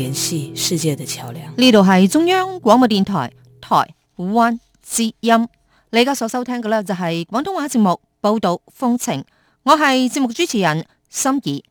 聯繫世界的橋樑。呢度係中央廣播電台台灣之音，你而家所收聽嘅呢，就係廣東話節目報道風情。我係節目主持人心儀。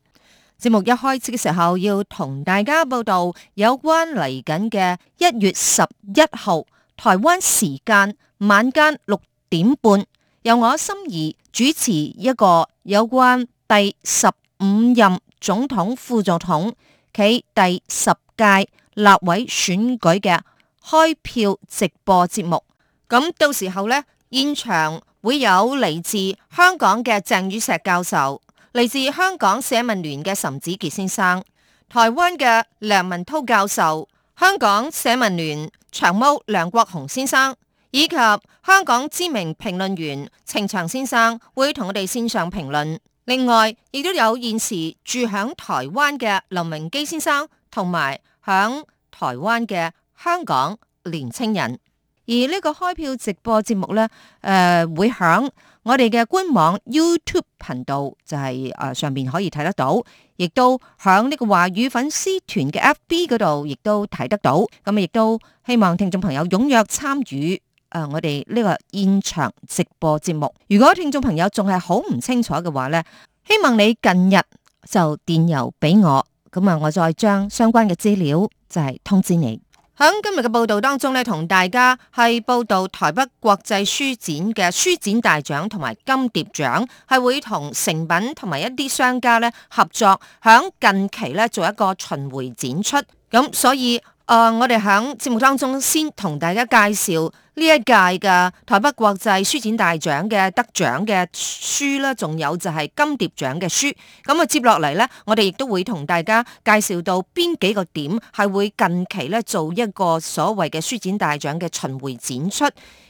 節目一開始嘅時候要同大家報道有關嚟緊嘅一月十一號台灣時間晚間六點半，由我心儀主持一個有關第十五任總統副總統。企第十屆立委選舉嘅開票直播節目，咁到時候咧，現場會有嚟自香港嘅鄭宇碩教授，嚟自香港社民聯嘅岑子杰先生，台灣嘅梁文韜教授，香港社民聯長毛梁國雄先生，以及香港知名評論員程翔先生會先，會同我哋線上評論。另外，亦都有現時住響台灣嘅林明基先生，同埋響台灣嘅香港年輕人。而呢個開票直播節目呢，誒、呃、會響我哋嘅官網 YouTube 頻道，就係、是、誒、呃、上面可以睇得到，亦都響呢個華語粉絲團嘅 FB 嗰度，亦都睇得到。咁亦都希望聽眾朋友踴躍參與。誒、呃，我哋呢個現場直播節目，如果聽眾朋友仲係好唔清楚嘅話呢，希望你近日就電郵俾我，咁啊，我再將相關嘅資料就係通知你。響今日嘅報道當中呢，同大家係報道台北國際書展嘅書展大獎同埋金蝶獎係會同誠品同埋一啲商家呢合作，響近期呢做一個巡迴展出。咁所以誒、呃，我哋響節目當中先同大家介紹。呢一屆嘅台北國際書展大獎嘅得獎嘅書啦，仲有就係金蝶獎嘅書。咁啊，接落嚟呢，我哋亦都會同大家介紹到邊幾個點係會近期呢做一個所謂嘅書展大獎嘅巡迴展出。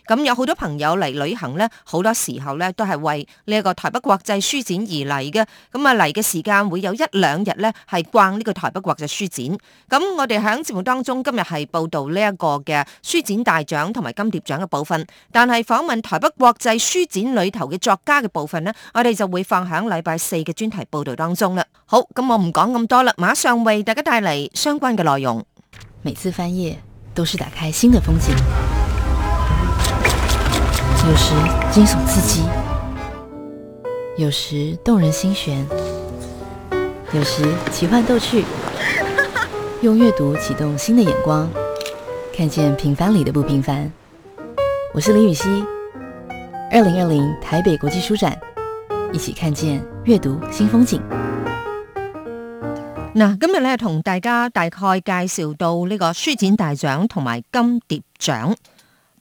咁、嗯、有好多朋友嚟旅行呢，好多時候呢都係為呢一個台北國際書展而嚟嘅。咁啊嚟嘅時間會有一兩日呢係逛呢個台北國際書展。咁、嗯、我哋喺節目當中今日係報道呢一個嘅書展大獎同埋金蝶獎嘅部分，但係訪問台北國際書展裏頭嘅作家嘅部分呢，我哋就會放喺禮拜四嘅專題報道當中啦。好，咁、嗯、我唔講咁多啦，馬上為大家帶嚟相關嘅內容。每次翻頁都是打開新嘅風景。有時驚悚刺激，有時動人心弦，有時奇幻逗趣。用閱讀啟動新的眼光，看見平凡裏的不平凡。我是李雨曦，二零二零台北國際書展，一起看見閱讀新風景。嗱，今日咧同大家大概介紹到呢個書展大獎同埋金蝶獎。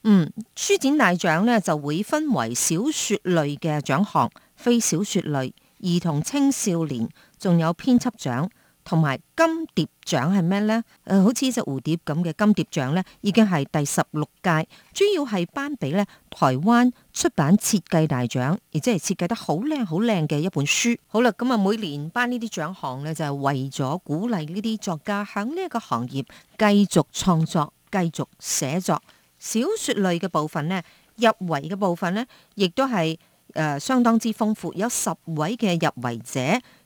嗯，書展大獎咧就會分為小說類嘅獎項、非小說類、兒童青少年，仲有編輯獎同埋金蝶獎係咩呢？誒、呃，好似隻蝴蝶咁嘅金蝶獎咧，已經係第十六屆，主要係頒俾咧台灣出版設計大獎，亦即係設計得好靚好靚嘅一本書。好啦，咁、嗯、啊，每年頒呢啲獎項咧就係、是、為咗鼓勵呢啲作家響呢一個行業繼續創作、繼續寫作。小説類嘅部分呢，入圍嘅部分呢，亦都係誒相當之豐富，有十位嘅入圍者。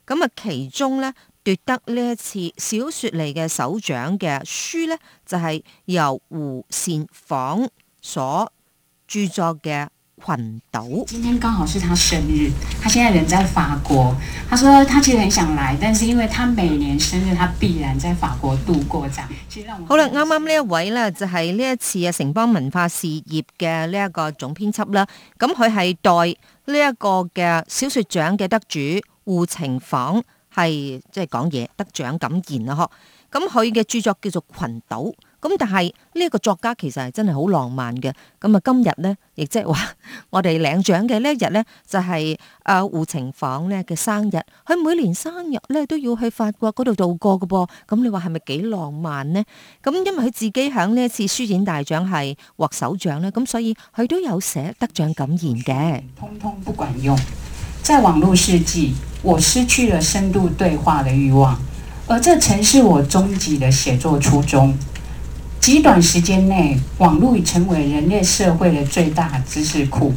咁啊，其中呢，奪得呢一次小説類嘅首獎嘅書呢就係由胡善房所著作嘅。群島，今天剛好是他生日，他現在人在法國，他說他其實很想來，但是因為他每年生日，他必然在法國度過這樣。好啦了，啱啱呢一位呢，嗯、就係呢一次啊城邦文化事業嘅呢一個總編輯啦，咁佢係代呢一個嘅小說獎嘅得主胡晴舫係即係講嘢得獎感言啦嗬，咁佢嘅著作叫做《群島》。咁但係呢一個作家其實係真係好浪漫嘅。咁啊，今日呢，亦即係話我哋領獎嘅呢一日呢，就係、是、誒、啊、胡晴舫呢嘅生日。佢每年生日呢都要去法國嗰度度過嘅噃。咁你話係咪幾浪漫呢？咁因為佢自己響呢一次書展大獎係獲首獎呢，咁所以佢都有寫得獎感言嘅。通通不管用，在網絡世紀，我失去了深度對話嘅慾望，而這曾是我終極嘅寫作初衷。極短時間內，網絡已成為人類社會嘅最大知識庫，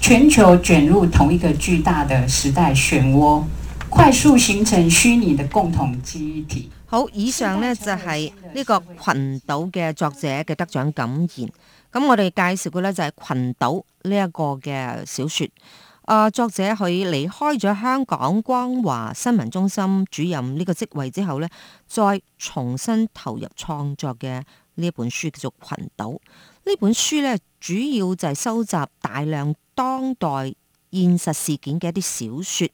全球捲入同一個巨大的時代漩渦，快速形成虛擬的共同記憶體。好，以上呢就係、是、呢個群島嘅作者嘅得獎感言。咁我哋介紹嘅呢就係群島呢一個嘅小說。呃，作者佢離開咗香港光華新聞中心主任呢個職位之後呢，再重新投入創作嘅。呢一本書叫做《群島》。呢本書呢，主要就係收集大量當代現實事件嘅一啲小説，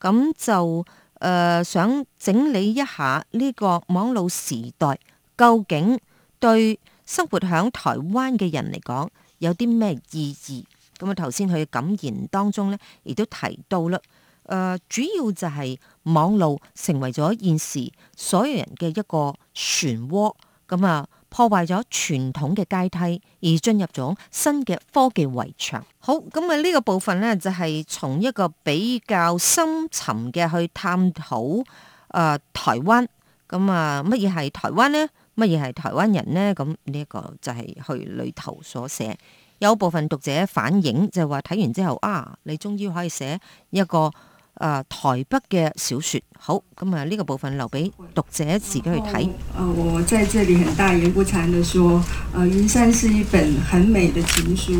咁就誒、呃、想整理一下呢個網路時代究竟對生活喺台灣嘅人嚟講有啲咩意義。咁啊，頭先佢嘅感言當中呢，亦都提到啦，誒、呃、主要就係網路成為咗現時所有人嘅一個漩渦。咁啊，破壞咗傳統嘅階梯，而進入咗新嘅科技圍牆。好，咁啊，呢個部分呢，就係、是、從一個比較深沉嘅去探討啊、呃，台灣咁啊，乜嘢係台灣呢？乜嘢係台灣人呢？咁呢一個就係去裏頭所寫。有部分讀者反映就話、是、睇完之後啊，你終於可以寫一個。啊、呃，台北嘅小説好，咁啊，呢個部分留俾讀者自己去睇。啊、呃，我在這裏很大言不慚地說，啊、呃，《雲山》是一本很美的情書，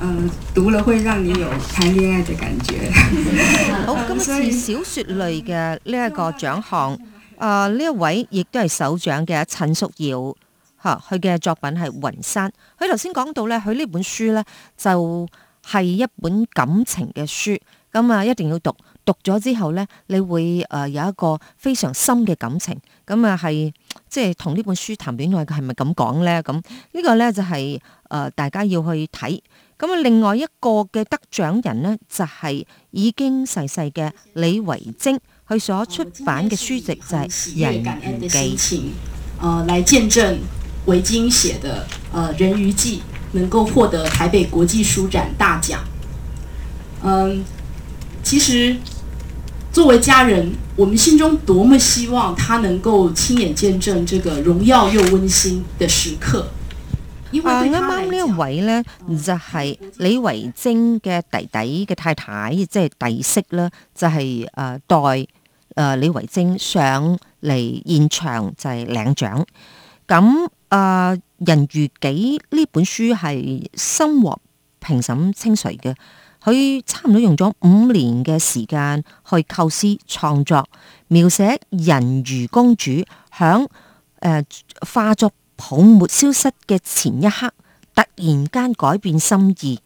嗯、呃，讀了會讓你有談戀愛嘅感覺。好、 哦、今次小説類嘅呢一個獎項，啊，呢一位亦都係首獎嘅陳淑瑤嚇，佢、呃、嘅作品係《雲山》。佢頭先講到呢，佢呢本書呢，就係、是、一本感情嘅書，咁、嗯、啊一定要讀。讀咗之後呢，你會誒有一個非常深嘅感情，咁啊係即係同呢本書談戀愛，佢係咪咁講呢？咁、嗯、呢、這個呢，就係、是、誒、呃、大家要去睇。咁、嗯、啊，另外一個嘅得獎人呢，就係、是、已經逝世嘅李維菁，佢所出版嘅書籍就係、是《人魚紀》。誒，嚟見證維菁寫嘅《誒《人魚紀》能夠獲得台北國際書展大獎。嗯，其實。作為家人，我們心中多麼希望他能夠親眼見證這個榮耀又温馨嘅時刻。因為啊！啱啱呢一位咧就係李維貞嘅弟弟嘅太太，即、就、係、是、弟媳啦，就係誒代誒李維貞上嚟現場就係領獎。咁、嗯、啊，呃《人如己》呢本書係榮獲評審青睞嘅。佢差唔多用咗五年嘅時間去構思創作，描寫人魚公主響誒、呃、化作泡沫消失嘅前一刻，突然間改變心意，誒、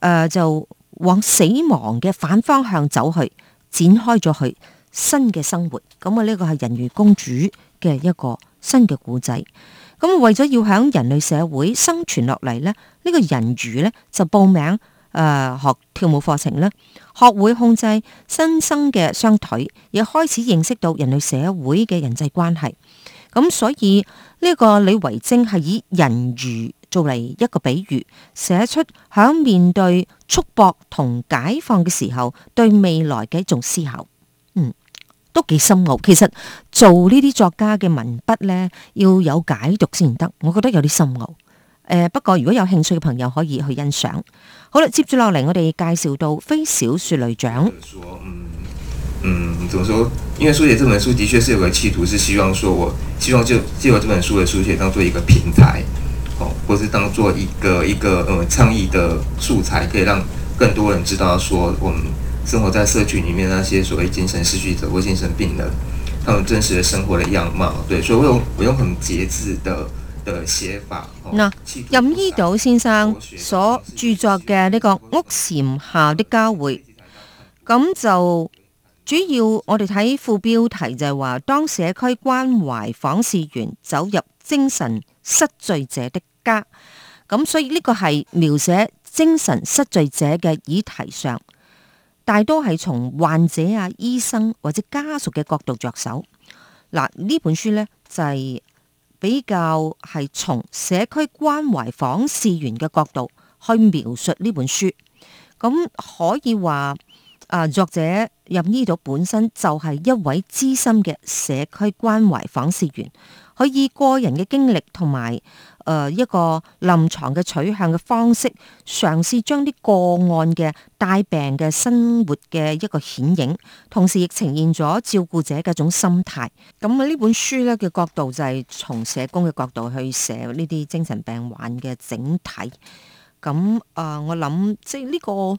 呃、就往死亡嘅反方向走去，展開咗佢新嘅生活。咁、嗯、啊，呢、呢個係人魚公主嘅一個新嘅故仔。咁、嗯、為咗要響人類社會生存落嚟咧，呢、呢個人魚咧就報名。誒、呃，學跳舞課程呢學會控制新生嘅雙腿，亦開始認識到人類社會嘅人際關係。咁、嗯、所以呢、這個李維菁係以人魚做嚟一個比喻，寫出響面對束縛同解放嘅時候，對未來嘅一種思考。嗯，都幾深奧。其實做呢啲作家嘅文筆呢，要有解讀先得。我覺得有啲深奧。誒，不過如果有興趣的朋友可以去欣賞。好啦，接住落嚟，我哋介紹到非小說類獎。嗯嗯，怎麼說，因為書寫這本書的確是有個企圖，是希望說我希望就借，借我這本書的書寫當做一個平台，哦，或是當做一個一個誒倡議的素材，可以讓更多人知道說，我們生活在社區裏面那些所謂精神失去者或精神病人，他們真實的生活的樣貌。對，所以我用我用很節制的。嗱，任依島先生所著作嘅呢個屋檐下的交匯，咁就主要我哋睇副標題就係話，當社區關懷訪視員走入精神失罪序者的家，咁所以呢個係描寫精神失序者嘅議題上，大多係從患者啊、醫生或者家屬嘅角度着手。嗱，呢本書呢就係，是。比較係從社區關懷訪視員嘅角度去描述呢本書，咁可以話啊，作者任呢度本身就係一位資深嘅社區關懷訪視員，佢以個人嘅經歷同埋。誒、呃，一個臨床嘅取向嘅方式，嘗試將啲個案嘅帶病嘅生活嘅一個顯影，同時亦呈現咗照顧者嘅一種心態。咁、嗯、啊，呢本書咧嘅角度就係從社工嘅角度去寫呢啲精神病患嘅整體。咁、嗯、啊、呃，我諗即係呢個，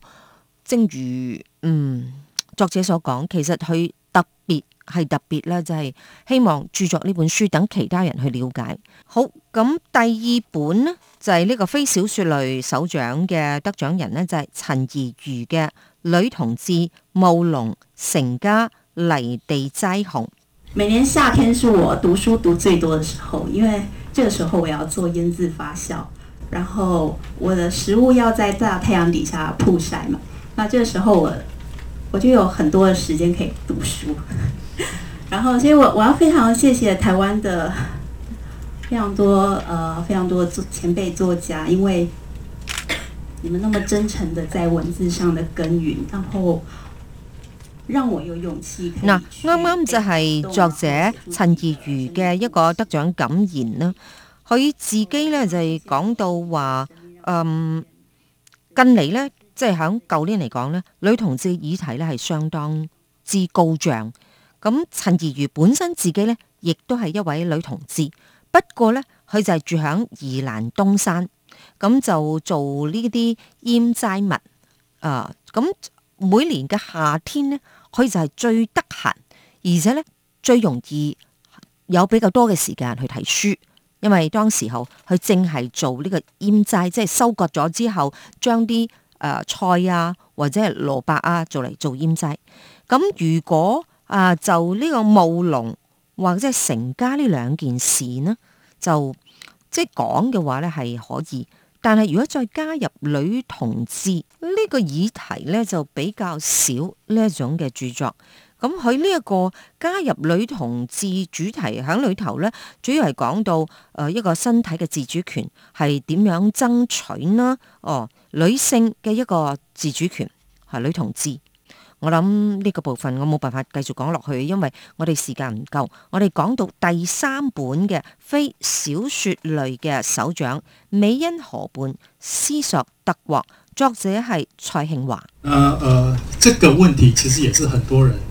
正如嗯作者所講，其實佢特別。係特別啦，就係、是、希望著作呢本書等其他人去了解。好咁，第二本呢，就係、是、呢個非小說類首獎嘅得獎人呢，就係、是、陳怡如嘅《女同志冒龍成家泥地齋紅》。每年夏天是我讀書讀最多嘅時候，因為呢個時候我要做醃製發酵，然後我的食物要在大太陽底下曝曬。嘛。那呢個時候我。我就有很多的時間可以讀書， 然後，所以我我要非常謝謝台灣的非常多，呃，非常多作前輩作家，因為你們那麼真誠的在文字上的耕耘，然後讓我有勇氣。嗱、啊，啱啱就係作者陳怡如嘅一個得獎感言啦，佢自己咧就係、是、講到話，嗯，近嚟咧。即係喺舊年嚟講咧，女同志嘅議題咧係相當之高漲。咁陳怡如本身自己咧，亦都係一位女同志，不過咧佢就係住喺宜蘭東山，咁就做呢啲淹齋物啊。咁每年嘅夏天咧，佢就係最得閒，而且咧最容易有比較多嘅時間去睇書，因為當時候佢淨係做呢個淹齋，即係收割咗之後將啲。誒、啊、菜啊，或者係蘿蔔啊，做嚟做醃製。咁如果啊，就呢個務農或者成家呢兩件事呢，就即係講嘅話呢係可以。但係如果再加入女同志呢，呢個議題呢，就比較少呢一種嘅著作。咁佢呢一個加入女同志主題響裏頭咧，主要係講到誒、呃、一個身體嘅自主權，係點樣爭取啦。哦、呃，女性嘅一個自主權，係女同志。我諗呢個部分我冇辦法繼續講落去，因為我哋時間唔夠。我哋講到第三本嘅非小說類嘅首獎《美恩河畔》，思索德國，作者係蔡慶華誒誒。這個問題其實也是很多人。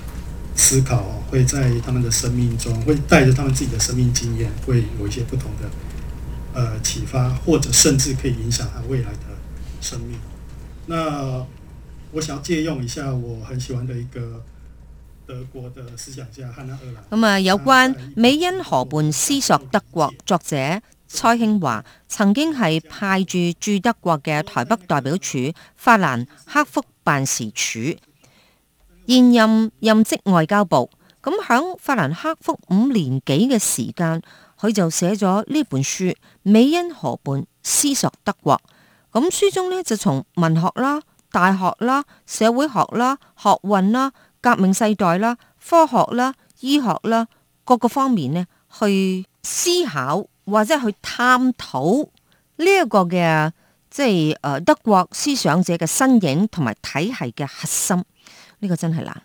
思考哦，會在他們的生命中，會帶着他們自己的生命經驗，會有一些不同的，呃啟發，或者甚至可以影響他未來的生命。那我想借用一下我很喜歡的一個德國的思想家漢娜鄂蘭。咁啊，有關美因河畔思索德國，作者蔡興華曾經係派駐駐德國嘅台北代表處法蘭克福辦事處。現任任職外交部咁，響法蘭克福五年幾嘅時間，佢就寫咗呢本書《美因河畔思索德國》。咁書中呢就從文學啦、大學啦、社會學啦、學運啦、革命世代啦、科學啦、醫學啦各個方面呢去思考或者去探討呢一個嘅即係誒，德國思想者嘅身影同埋體系嘅核心。呢個真係難，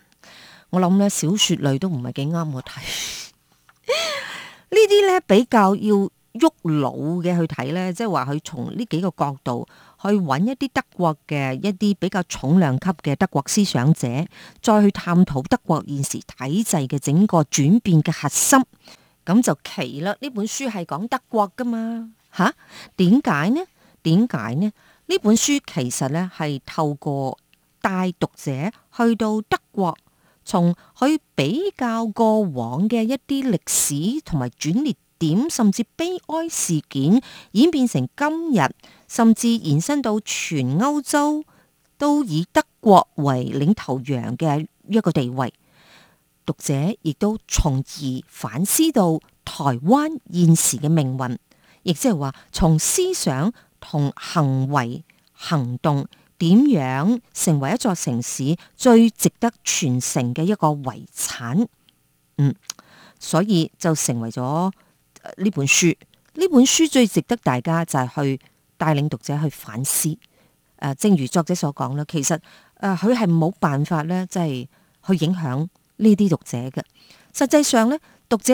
我諗咧小說類都唔係幾啱我睇。呢 啲呢，比較要喐腦嘅去睇呢，即係話佢從呢幾個角度去揾一啲德國嘅一啲比較重量級嘅德國思想者，再去探討德國現時體制嘅整個轉變嘅核心。咁就奇啦！呢本書係講德國噶嘛吓？點解呢？點解呢？呢本書其實呢，係透過。帶讀者去到德國，從去比較過往嘅一啲歷史同埋轉捩點，甚至悲哀事件演變成今日，甚至延伸到全歐洲都以德國為領頭羊嘅一個地位。讀者亦都從而反思到台灣現時嘅命運，亦即係話從思想同行為行動。點樣成為一座城市最值得傳承嘅一個遺產？嗯，所以就成為咗呢、呃、本書。呢本書最值得大家就係去帶領讀者去反思。誒、呃，正如作者所講啦，其實誒佢係冇辦法咧，即係去影響呢啲讀者嘅。實際上咧，讀者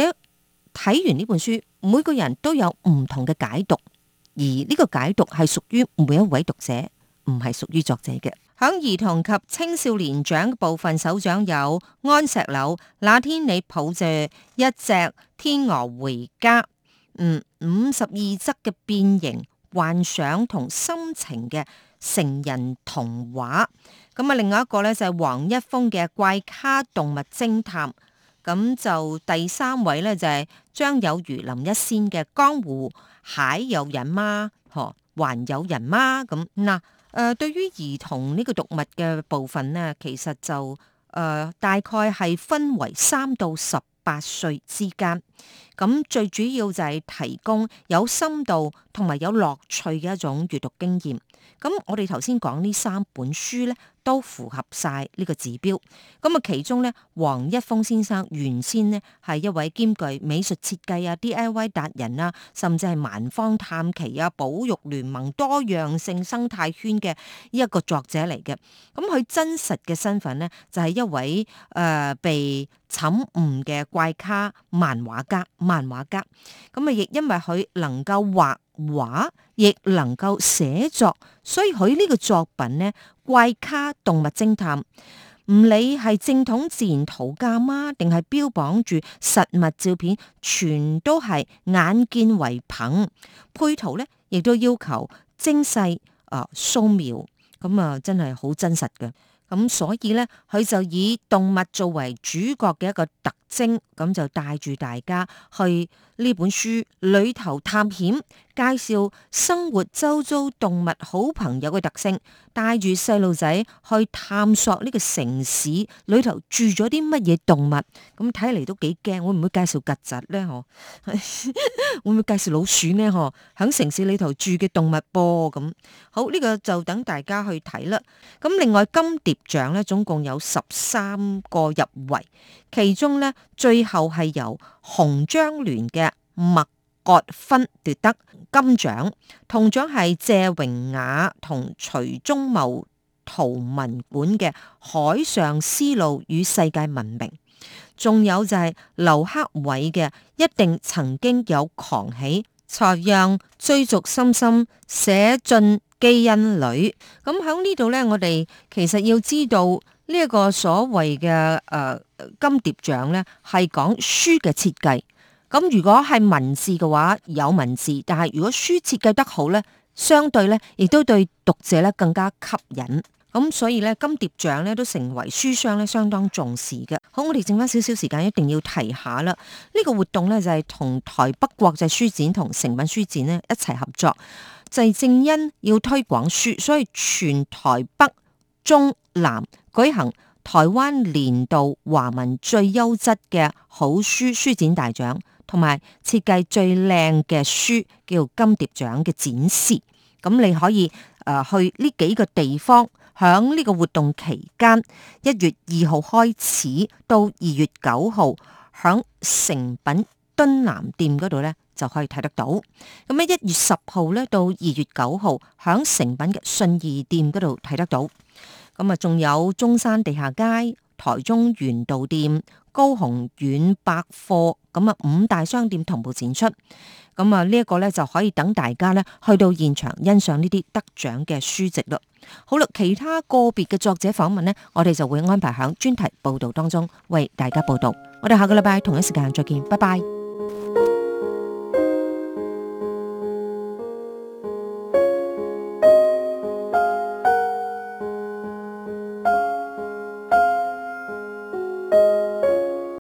睇完呢本書，每個人都有唔同嘅解讀，而呢個解讀係屬於每一位讀者。唔係屬於作者嘅，響兒童及青少年獎部分首獎有安石榴」、「那天你抱住一隻天鵝回家，嗯、五十二則嘅變形幻想同心情嘅成人童話，咁、嗯、啊另外一個呢，就係黃一峰嘅怪咖動物偵探，咁、嗯、就第三位呢，就係張友漁林一仙嘅江湖還有人嗎？嗬、哦，還有人嗎？咁、嗯、嗱。誒、呃、對於兒童呢個讀物嘅部分咧，其實就誒、呃、大概係分為三到十八歲之間。咁最主要就係提供有深度同埋有樂趣嘅一種閱讀經驗。咁我哋頭先講呢三本書咧。都符合晒呢個指標，咁啊！其中咧，黃一峰先生原先呢，係一位兼具美術設計啊、D.I.Y. 達人啊，甚至係蠻荒探奇啊、保育聯盟多樣性生態圈嘅一個作者嚟嘅。咁佢真實嘅身份呢，就係、是、一位誒、呃、被詬誤嘅怪咖漫畫家、漫畫家。咁啊，亦因為佢能夠畫畫，亦能夠寫作，所以佢呢個作品呢。怪卡動物偵探，唔理係正統自然圖鑑啊，定係標榜住實物照片，全都係眼見為憑。配圖呢亦都要求精細啊，素描咁啊，真係好真實嘅。咁、嗯、所以呢，佢就以動物作為主角嘅一個特徵，咁就帶住大家去呢本書裏頭探險，介紹生活周遭動物好朋友嘅特性。帶住細路仔去探索呢個 城市裏頭住咗啲乜嘢動物，咁睇嚟都幾驚，會唔會介紹曱甴咧？嗬，會唔會介紹老鼠咧？嗬，喺城市裏頭住嘅動物噃，咁好呢個就等大家去睇啦。咁另外金蝶獎咧，總共有十三個入圍，其中咧最後係由紅章聯嘅麥。郭分奪得金獎，銅獎係謝榮雅同徐忠謀、圖文館嘅《海上絲路與世界文明》，仲有就係劉克偉嘅《一定曾經有狂喜》，才讓追逐深深寫進基因裏。咁喺呢度呢，我哋其實要知道呢一個所謂嘅誒金蝶獎呢，係講書嘅設計。咁如果係文字嘅話，有文字，但係如果書設計得好咧，相對咧，亦都對讀者咧更加吸引。咁所以咧，金蝶獎咧都成為書商咧相當重視嘅。好，我哋剩返少少時間，一定要提下啦。呢個活動咧就係同台北國際書展同誠品書展咧一齊合作，就係正因要推廣書，所以全台北中南舉行台灣年度華文最優質嘅好書書展大獎。同埋設計最靚嘅書，叫金蝶獎嘅展示。咁你可以誒、呃、去呢幾個地方，響呢個活動期間，一月二號開始到二月九號，響誠品敦南店嗰度呢就可以睇得到。咁咧一月十號呢，到二月九號，響誠品嘅信義店嗰度睇得到。咁啊，仲有中山地下街。台中園道店、高雄遠百貨，咁啊五大商店同步展出，咁啊呢一個咧就可以等大家咧去到現場欣賞呢啲得獎嘅書籍咯。好啦，其他個別嘅作者訪問呢，我哋就會安排喺專題報道當中為大家報道。我哋下個禮拜同一時間再見，拜拜。